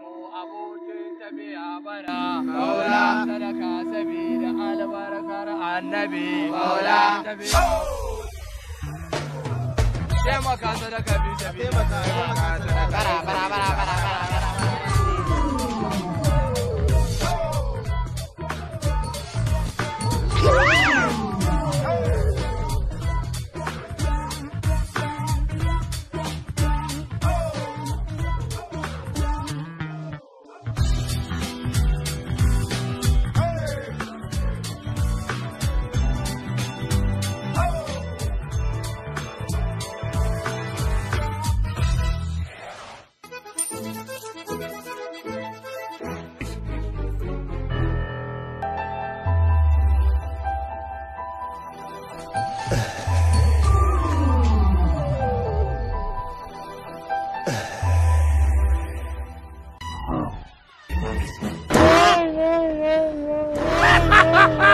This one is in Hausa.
mu abokin tafiya bara maula sadaka sabida albarkar annabi maula taimaka sadaka bi taimaka sadaka bara bara Ha ha ha!